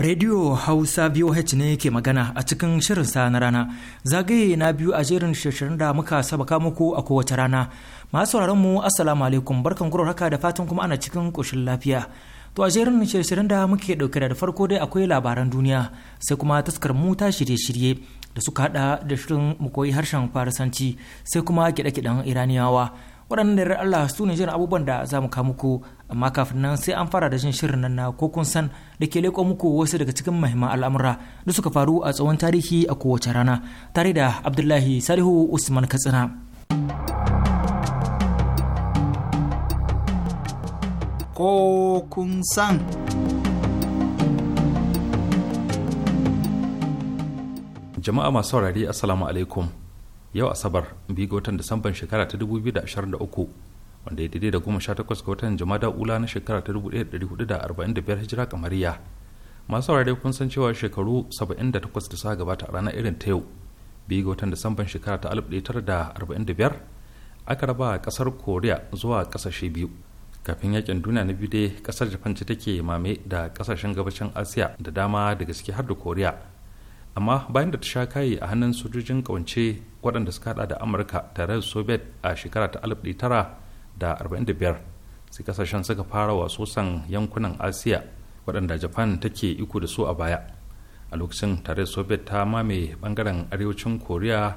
Radio Hausa VOH ne ke magana a cikin shirin sa na rana. Zagaye na biyu a jerin shirin da muka sabaka muku a kowace rana. Masu mu Assalamu alaikum barkan gurur haka da fatan kuma ana cikin koshin lafiya. To a jerin shirin da muke dauke da farko dai akwai labaran duniya sai kuma taskar mu ta shirye-shirye da suka hada da shirin mu koyi harshen faransanci sai kuma kiɗe-kiɗen Iraniyawa. waɗannan da Allah su ne jiran abubuwan da za mu kawo muku amma kafin nan sai an fara da jin shirin nan na ko kun san da ke leƙo muku wasu daga cikin mahimman al'amura da suka faru a tsawon tarihi a kowace rana tare da Abdullahi Salihu Usman Katsina. Ko kun san. Jama'a masu saurari Assalamu alaikum. yau asabar biyu ga watan disamban shekara ta 2023 wanda ya daidai da goma sha takwas ga watan jama'a ula na shekara ta 1445 hijira kamariya masu saurare kun san cewa shekaru 78 da suka gabata a ranar irin ta yau biyu ga watan disamban shekara ta 1945 aka raba kasar koriya zuwa kasashe biyu kafin yakin duniya na biyu dai kasar japan ce take mame da kasashen gabashin asiya da dama daga ciki har da koriya amma bayan da ta sha kayi a hannun sojojin kawance waɗanda suka hada da amurka tare da soviet a shekara ta 1945 sai kasashen suka fara wasosan yankunan asiya waɗanda japan take iko da su a baya a lokacin tare da soviet ta mame bangaren arewacin koriya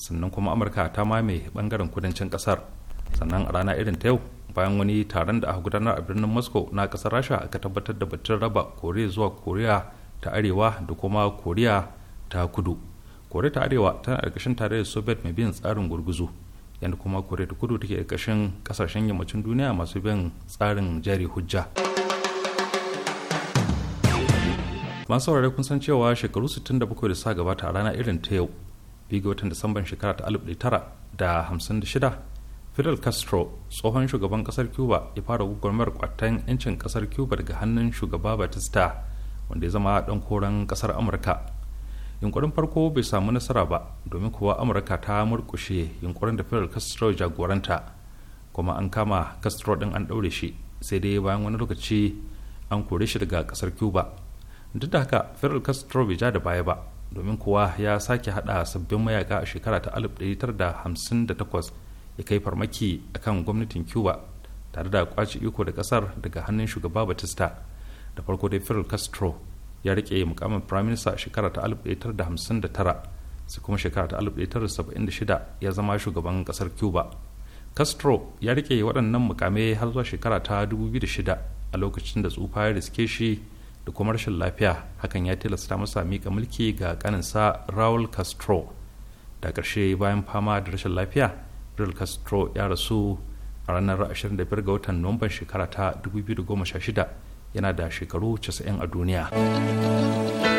sannan kuma amurka ta mame bangaren kudancin kasar sannan a rana irin ta yau bayan wani taron da aka gudanar a birnin moscow na kasar rasha aka tabbatar da batun raba koriya zuwa koriya ta arewa da kuma koriya ta kudu koriya ta arewa tana tare da soviet mai bin tsarin gurguzu yadda kuma koriya ta kudu take ƙarƙashin kasashen yammacin duniya masu bin tsarin jari hujja masu saurare kun san cewa shekaru 67 da sa gabata a rana irin ta yau biyu ga watan disamban shekara ta 1956 fidel castro tsohon shugaban kasar cuba ya fara gwagwarmar kwatan 'yancin kasar cuba daga hannun shugaba batista wanda ya zama ɗan koren ƙasar amurka yunkurin farko bai samu nasara ba domin kuwa amurka ta murkushe yunkurin da fidel castro jagoranta kuma an kama castro din an ɗaure shi sai dai bayan wani lokaci an kore shi daga ƙasar cuba duk da haka fidel castro bai ja da baya ba domin kuwa ya sake hada sabbin mayaka a shekara ta 1958 ya kai farmaki akan gwamnatin cuba tare da kwaci iko da kasar daga hannun shugaba batista da farko dai fidel castro ya rike mukamin prime minister shekara ta 1959 sai kuma shekara ta 1976 ya zama shugaban kasar cuba castro ya rike waɗannan mukamai har zuwa shekara ta 2006 a lokacin da tsufa ya riske shi da kuma rashin lafiya hakan ya tilasta masa mika mulki ga kaninsa raul castro da ƙarshe bayan fama da rashin lafiya fidel castro ya rasu a ranar 25 ga watan nuwamban shekara ta 2016 yana da shekaru 90 a duniya.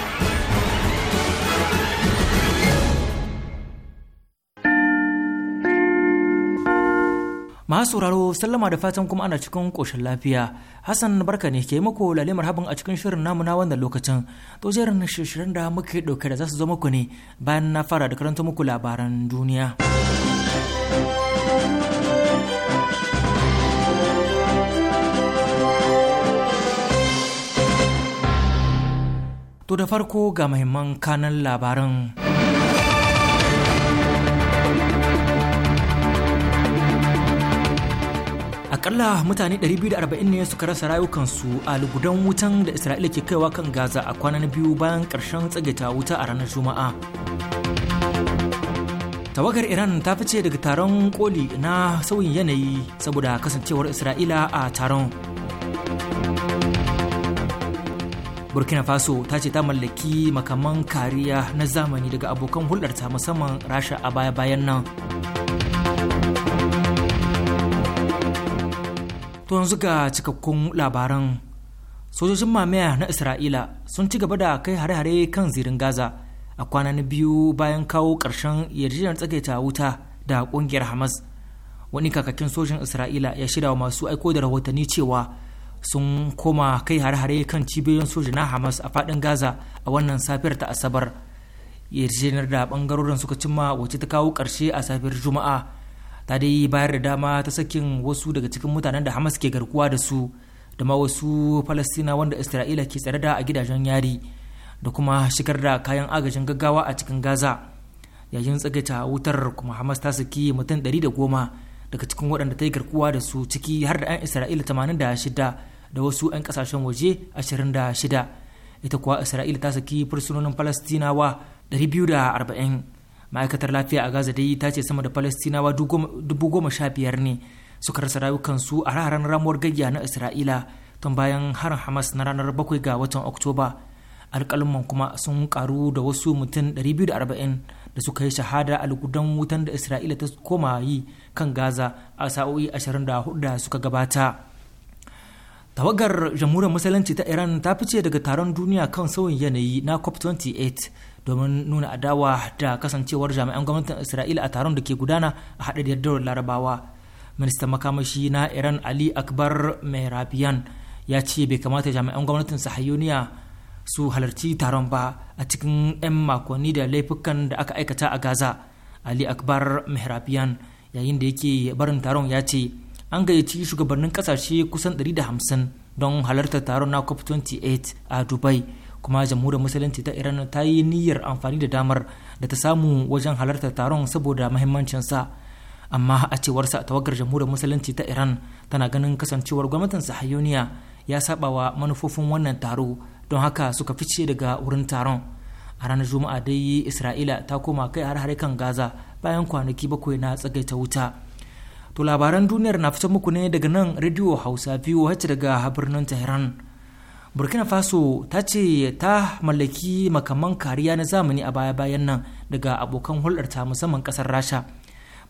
masu sauraro sallama da fatan kuma ana cikin ƙoshin lafiya hassan barka ne ke muku lalimar habin a cikin shirin namu na wannan lokacin to jerin shirin da muke ɗauke da za su zo muku ne bayan na fara da karanta muku labaran duniya to da farko ga mahimman kanan labaran akalla mutane 240 ne suka rasa rayukansu a lugudan wutan da isra'ila ke kaiwa kan gaza a kwanan biyu bayan ƙarshen tsagaita wuta a ranar juma'a tawagar iran ta fice daga taron koli na sauyin yanayi saboda kasancewar isra'ila a taron burkina faso ta ce ta mallaki makaman kariya na zamani daga abokan hulɗarta musamman rasha a baya-bayan nan to yanzu ga cikakkun labaran sojojin mamaya na isra'ila sun ci gaba da kai hare-hare kan zirin gaza a kwanan biyu bayan kawo ƙarshen yarjejeniyar tsagaita wuta da ƙungiyar hamas wani kakakin sojin isra'ila ya shirya wa masu aiko da rahotanni cewa sun koma kai hare-hare kan cibiyoyin soja na hamas a faɗin gaza a wannan safiyar ta asabar yarjejeniyar da bangarorin suka cimma wacce ta kawo ƙarshe a safiyar juma'a ta dai bayar da dama ta sakin wasu daga cikin mutanen da hamas ke garkuwa da su da ma wasu falastina wanda isra'ila ke tsare da a gidajen yari da kuma shigar da kayan agajin gaggawa a cikin gaza yayin tsagaita wutar kuma hamas ta saki mutum ɗari da goma daga cikin waɗanda ta yi garkuwa da su ciki har da 'yan isra'ila tamanin da shida da wasu 'yan ƙasashen waje ashirin da shida ita kuwa isra'ila ta saki fursunonin falastinawa arba'in ma'aikatar lafiya a gaza dai ta ce sama da falastinawa dubu goma sha biyar ne suka rasa rayukansu a ranar ramuwar gayya na isra'ila tun bayan harin hamas na ranar bakwai ga watan oktoba alkalman kuma sun karu da wasu mutum 240 da suka yi shahada a lugudan wutan da isra'ila ta koma yi kan gaza a sa'o'i 24 da suka gabata tawagar jamhuriyar musulunci ta iran ta fice daga taron duniya kan sauyin yanayi na cop 28 domin nuna adawa da kasancewar jami'an gwamnatin isra'ila a taron da ke gudana a haɗaɗɗiyar daular larabawa ministan makamashi na iran ali akbar mehrabian ya ce bai kamata jami'an gwamnatin sahayoniya su halarci taron ba a cikin 'yan makonni da laifukan da aka aikata a gaza ali akbar mehrabian yayin da yake barin taron ya ce an gayyaci shugabannin kasashe kusan 150 don halarta taron na cop 28 a dubai kuma jamhuriyar musulunci ta iran ta yi niyyar amfani da damar da ta samu wajen halartar taron saboda mahimmancinsa amma a cewar sa tawagar jamhuriyar musulunci ta iran tana ganin kasancewar gwamnatin sahayoniya ya saba wa manufofin wannan taro don haka suka fice daga wurin taron a ranar juma'a dai isra'ila ta koma kai har kan gaza bayan kwanaki bakwai na tsagaita wuta to labaran duniyar na fita muku ne daga nan radio hausa biyu wacce daga birnin tehran burkina faso ta ce ta mallaki makaman kariya na zamani a baya-bayan nan daga abokan hulɗarta musamman ƙasar rasha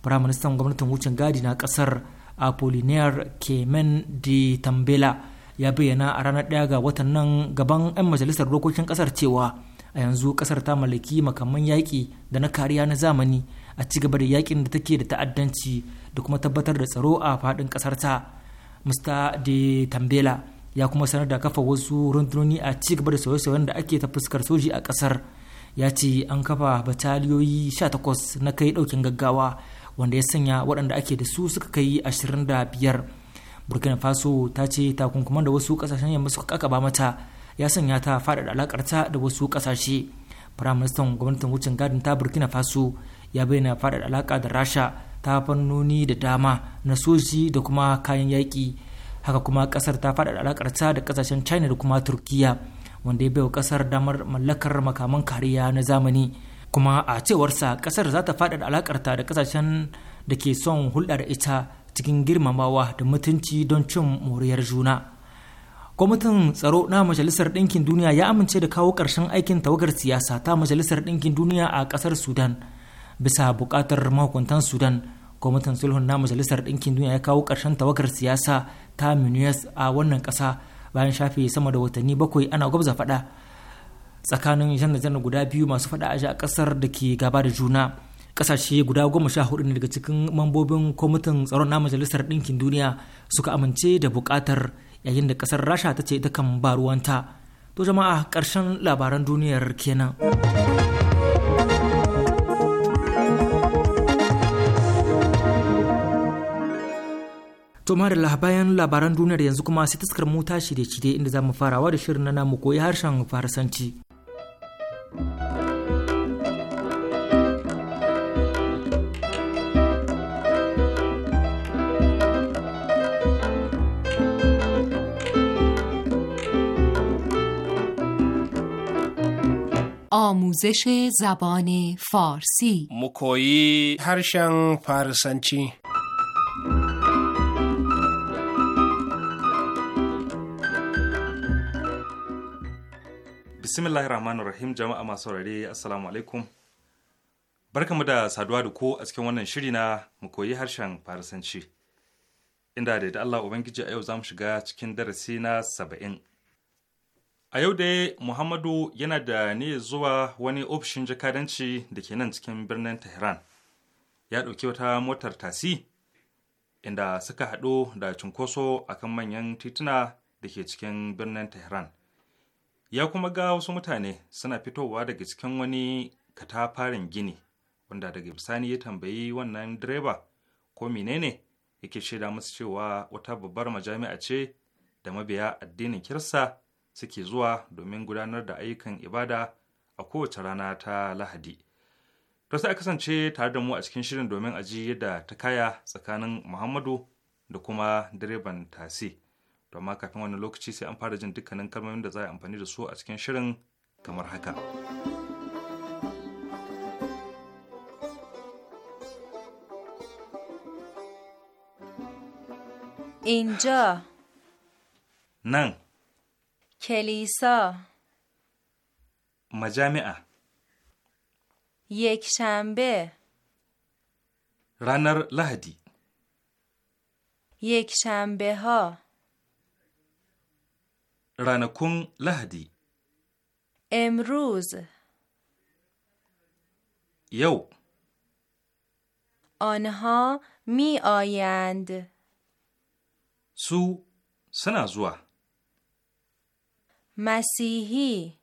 firaministan gwamnatin wucin gadi na ƙasar apollinaire kemen de tambela ya bayyana a ranar ɗaya ga watan nan gaban 'yan majalisar dokokin ƙasar cewa a yanzu ƙasar ta mallaki makaman yaƙi da na kariya na zamani a ci gaba da yaƙin da take da ta'addanci da kuma tabbatar da tsaro a faɗin ƙasar ta mr de tambela ya kuma sanar da kafa wasu rundunoni a ci gaba da sauye-sauyen da ake ta fuskar soji a kasar ya ce an kafa bataliyoyi 18 na kai daukin gaggawa wanda ya sanya waɗanda ake da su suka kai 25 burkina faso ta ce takunkuman da wasu kasashen yamma suka kakaba mata ya sanya ta faɗaɗa alakarta da wasu ƙasashe firaministan gwamnatin wucin gadin ta burkina faso ya bayyana faɗaɗa alaka da rasha ta fannoni da dama na soji da kuma kayan yaƙi haka kuma kasar ta faɗaɗa alakar da kasashen china da kuma turkiya wanda ya bai wa kasar damar mallakar makaman kariya na zamani kuma a cewarsa kasar za ta faɗaɗa alakar da kasashen da ke son hulɗa da ita cikin girmamawa da mutunci don cin moriyar juna kwamitin tsaro na majalisar ɗinkin duniya ya amince da kawo ƙarshen aikin tawagar siyasa ta majalisar ɗinkin duniya a ƙasar sudan bisa buƙatar mahukuntan sudan kwamitin sulhun na majalisar ɗinkin duniya ya kawo ƙarshen tawagar siyasa ta minuyas a wannan ƙasa bayan shafe sama da watanni bakwai ana gwabza faɗa tsakanin janar guda biyu masu faɗa a ƙasar da ke gaba da juna ƙasashe guda goma sha hudu ne daga cikin mambobin kwamitin tsaron na majalisar ɗinkin duniya suka amince da buƙatar yayin da ƙasar rasha ta ce ta kan baruwanta to jama'a ƙarshen labaran duniyar kenan. To Marilla bayan labaran duniyar yanzu kuma sai taskar mu ta shirye-shirye inda za mu farawa da shirin na namu koyi harshen farasanci. آموزش زبان فارسی مکویی هرشن فارسنچی bismillahir rahmanir rahim jama'a masu saurare assalamu alaikum barkamu da saduwa da ku a cikin wannan shiri na mu koyi harshen farisanci inda da Allah ubangiji a yau za mu shiga cikin darasi na saba'in a yau dai muhammadu yana da niyyar zuwa wani ofishin jakadanci da ke nan cikin birnin tehran ya ɗauki wata motar tasi inda suka haɗu da cunkoso akan manyan tituna da ke cikin birnin tehran ya kuma ga wasu mutane suna fitowa daga cikin wani katafaren gini wanda daga bisani ya tambayi wannan direba ko menene yake shaida masu cewa wata babbar majami'a ce da mabiya addinin kirsa suke zuwa domin gudanar da ayyukan ibada a kowace rana ta lahadi to sai a kasance tare da mu a cikin shirin domin aji yadda ta kaya tsakanin muhammadu da kuma direban tasi. to amma kafin wani lokaci sai an fara jin dukkanin kalmomin da za a amfani da su a cikin shirin kamar haka. Inja Nan. kelisa Majami'a. یک ranar lahadi لهدی ha ranakun Lahadi. Emruz. Yau. Onha mi oyand. Su suna zuwa. Masihi.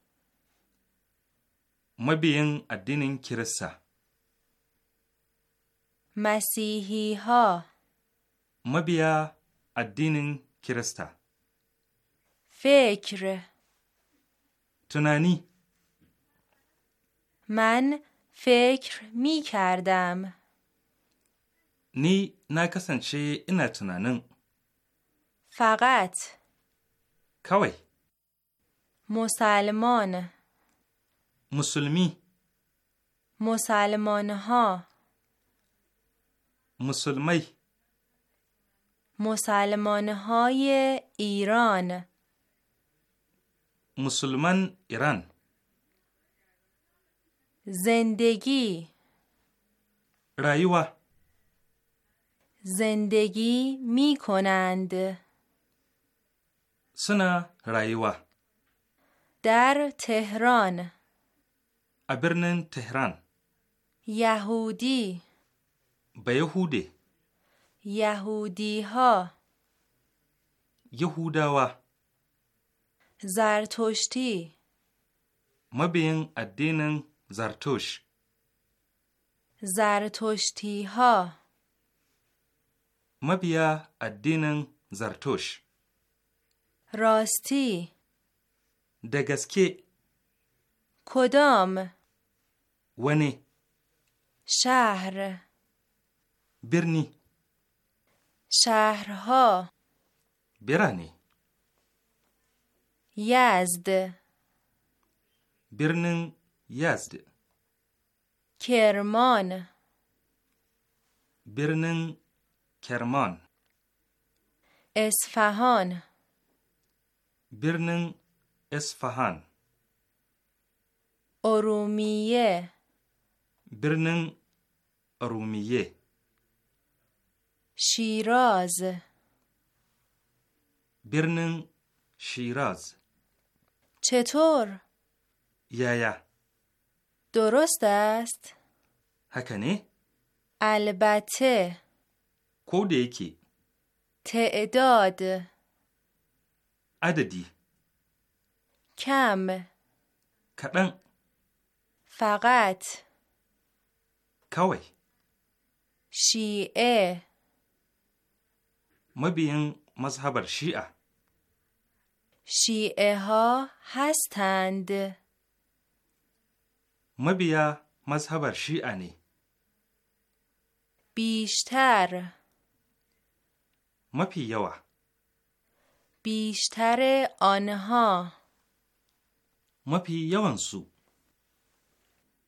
Mabiyan addinin Kirista. Masihi ha. Mabiya addinin Kirista. فکر تنانی من فکر می کردم نی اینه اینا تنانن فقط کوی مسلمان مسلمی مسلمان ها مسلمی مسلمان های ایران مسلمان ایران زندگی رایوا زندگی می کنند سنا رایوا در تهران ابرنن تهران یهودی به یهودی یهودی ها یهودا زرتشتی مبین الدین زرتوش زرتشتی ها مبیا الدین زرتوش راستی دگسکی کدام ونی شهر برنی شهرها برانی یزد برنن یزد کرمان برنن کرمان اسفهان برنن اسفهان ارومیه برنن ارومیه شیراز برنن شیراز چطور؟ یا یا درست است؟ هکنی؟ البته کوده تعداد عددی کم کدن فقط کوی شیعه مبین مذهب شیعه شیعه ها هستند مبیا مذهب شیعه بیشتر مپی یوا بیشتر آنها یوان سو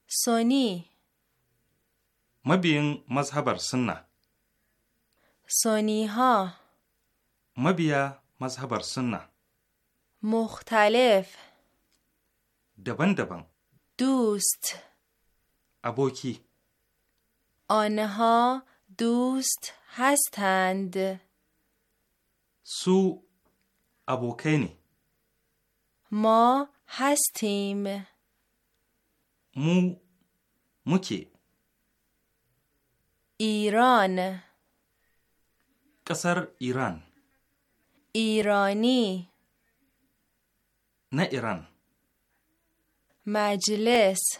سونی مبین مذهب سنه سونی ها مبیا مذهب سنه مختلف دبن دبن دوست ابوکی آنها دوست هستند سو ابوکینی ما هستیم مو مکی ایران قصر ایران ایرانی نه ایران مجلس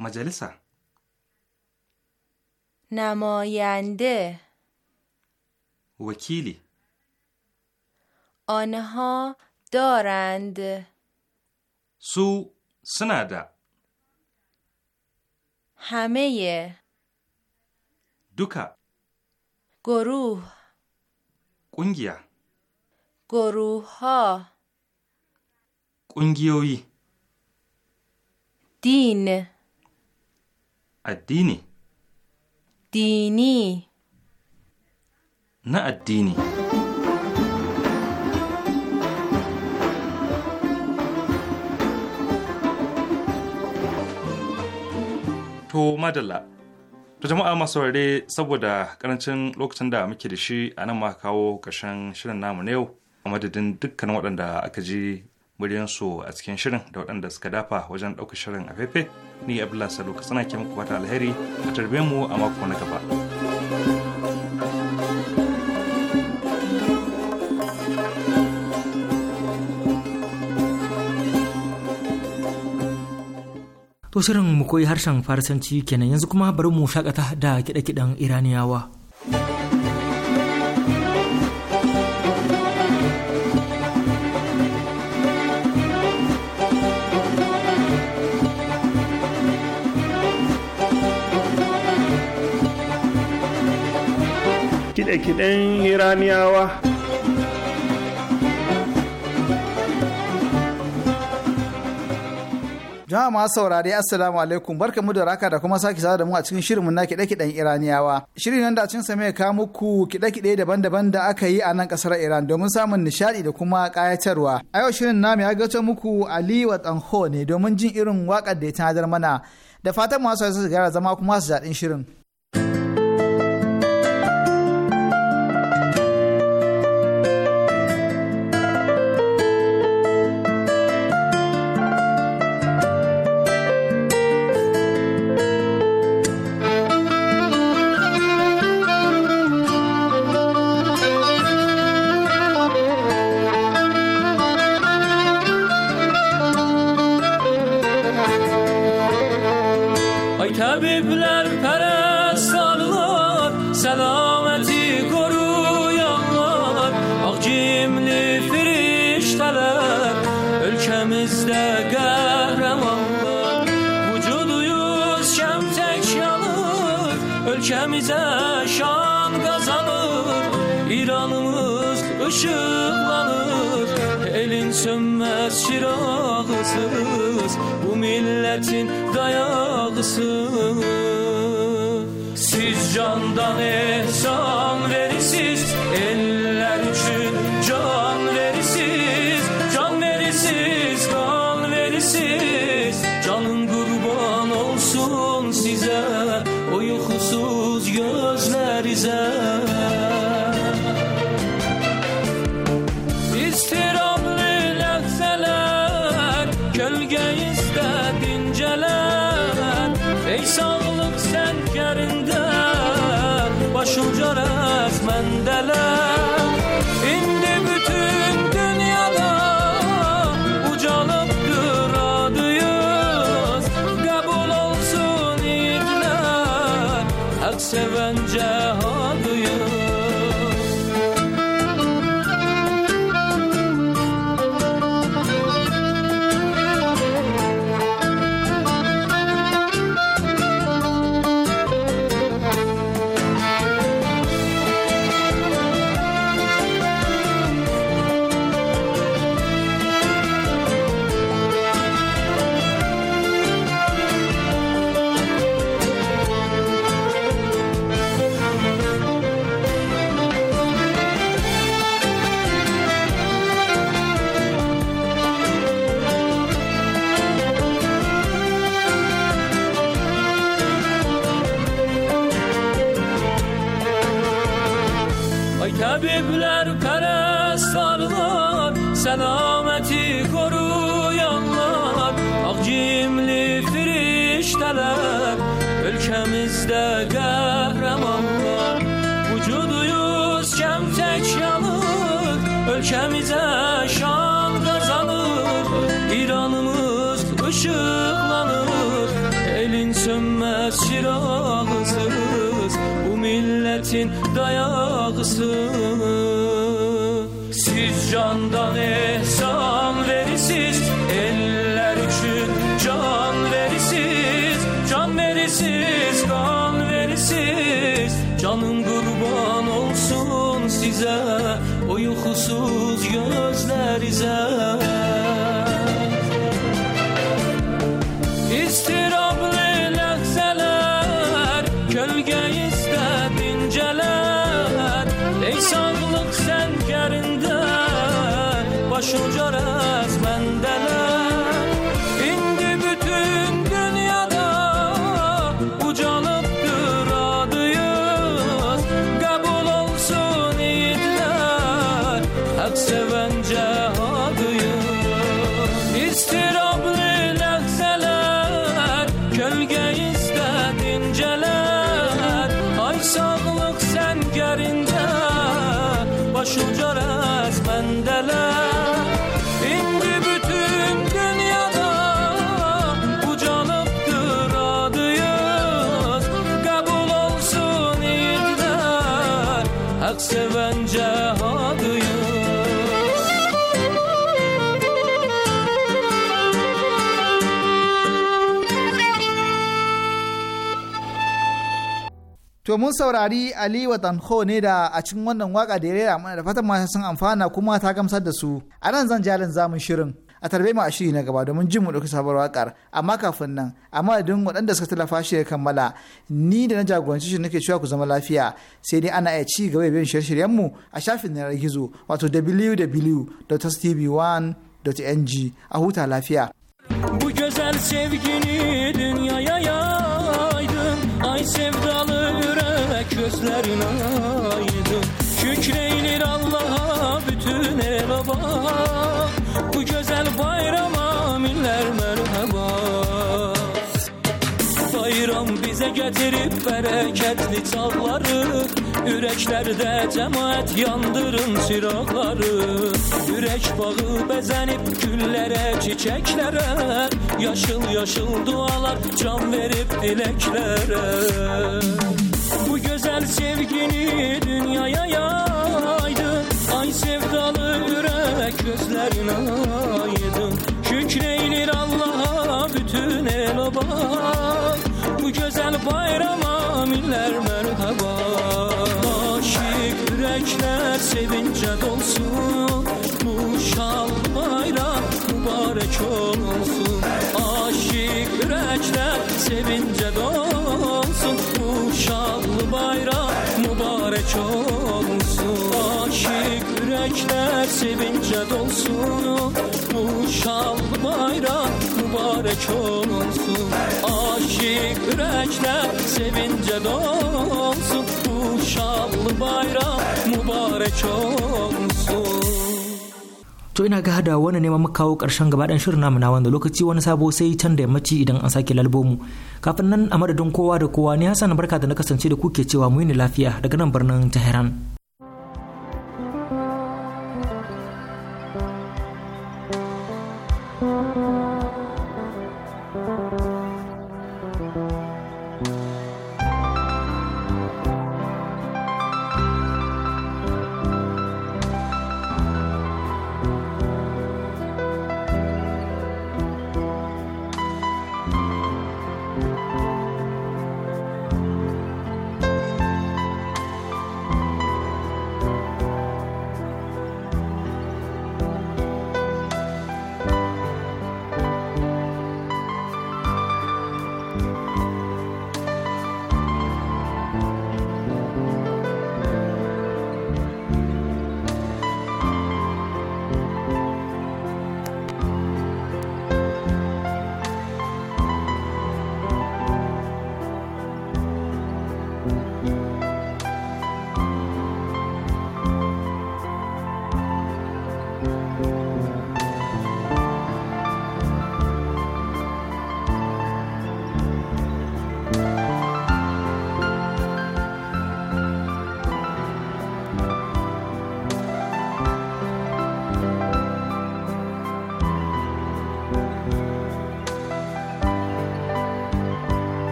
مجلسه نماینده وکیلی آنها دارند سو سنادا همه دوکا گروه گروه ها ƙungiyoyi din addini dini na addini to madalla To jama'a masu saurare saboda karancin lokacin da muke da shi a nan ma kawo ƙarshen shirin namu na yau a madadin dukkan waɗanda aka ji muryansu a cikin shirin da waɗanda suka dafa wajen ɗauka shirin a fefe ni abdullahi salo ka sana ke muku wata alheri a tarbe mu a mako na gaba To shirin mu koyi harshen Farisanci kenan yanzu kuma bari mu shakata da kiɗe-kiɗen Iraniyawa. kiɗe-kiɗen iraniyawa jama'a masu saurari assalamu alaikum barka mu da raka da kuma sake sada da mu a cikin shirinmu na kiɗe-kiɗen iraniyawa shirin nan da cin sa mai kawo muku kiɗe-kiɗe daban-daban da aka yi a nan ƙasar iran domin samun nishaɗi da kuma kayatarwa. a yau shirin namu ya gato muku ali wa ne domin jin irin waƙar da ya tanadar mana da fatan masu su gara zama kuma su jaɗin shirin. Ay tabipler perestanlar Selameti koruyanlar Akcimli firişteler Ülkemizde kahramanlar Vücuduyuz şemtek yanır Ülkemize şan kazanır İranımız ışıklanır Elin sönmez çırağısır bu milletin dayağısı Siz candan ehsan verisiz Eller için can verisiz Can verisiz, kan verisiz Canın kurban olsun size O uykusuz gözlerize İstirablı lehzeler gölgeyiz. Ey sağlıq sən kərində Başuca rəsməndələr dayağısı Siz candan ehsan verisiz Eller için can verisiz Can verisiz kan verisiz Canım kurban olsun size O yuhusuz gözlerize hak seven To mun saurari Ali Watan ne da a cikin wannan waka da ya rera mana da fatan masu sun amfana kuma ta gamsar da su. A nan zan jalin zamun shirin. a tarbe mu a shiri na gaba domin jin mu ɗauki sabuwar wakar amma kafin nan amma idan waɗanda suka tallafa shi ya kammala ni da na jagoranci shi nake cewa ku zama lafiya sai dai ana iya ci gaba bin shirye-shiryen mu a shafin na gizo wato www.tv1.ng a huta lafiya. Bu güzel sevgini dünyaya yaydın Ay sevdalı yürek gözlerin aydın Şükreynir Allah'a bütün el getirip bereketli talları Yüreklerde cemaat yandırın çırakları Yürek bağı bezenip güllere çiçeklere Yaşıl yaşıl dualar can verip dileklere Bu güzel sevgini dünyaya yaydı Ay sevdalı yürek gözlerine aydın Şükreylir Allah'a bütün el Eller sevince dolsun muşal bayrak mübarek olsun Aşık yürekler sevince dolsun muşal bayrak mübarek olsun Aşık yürekler sevince dolsun muşal bayrak mübarek olsun Aşık yürekler sevince dolsun şanlı bayram To ina ga hada wani neman muka kawo ƙarshen gaba ɗan shirin namu na wanda lokaci wani sabo sai can da yammaci idan an sake lalbomu. Kafin nan a madadin kowa da kowa ni Hassan barka da na kasance da kuke cewa mu yi lafiya daga nan birnin Tehran.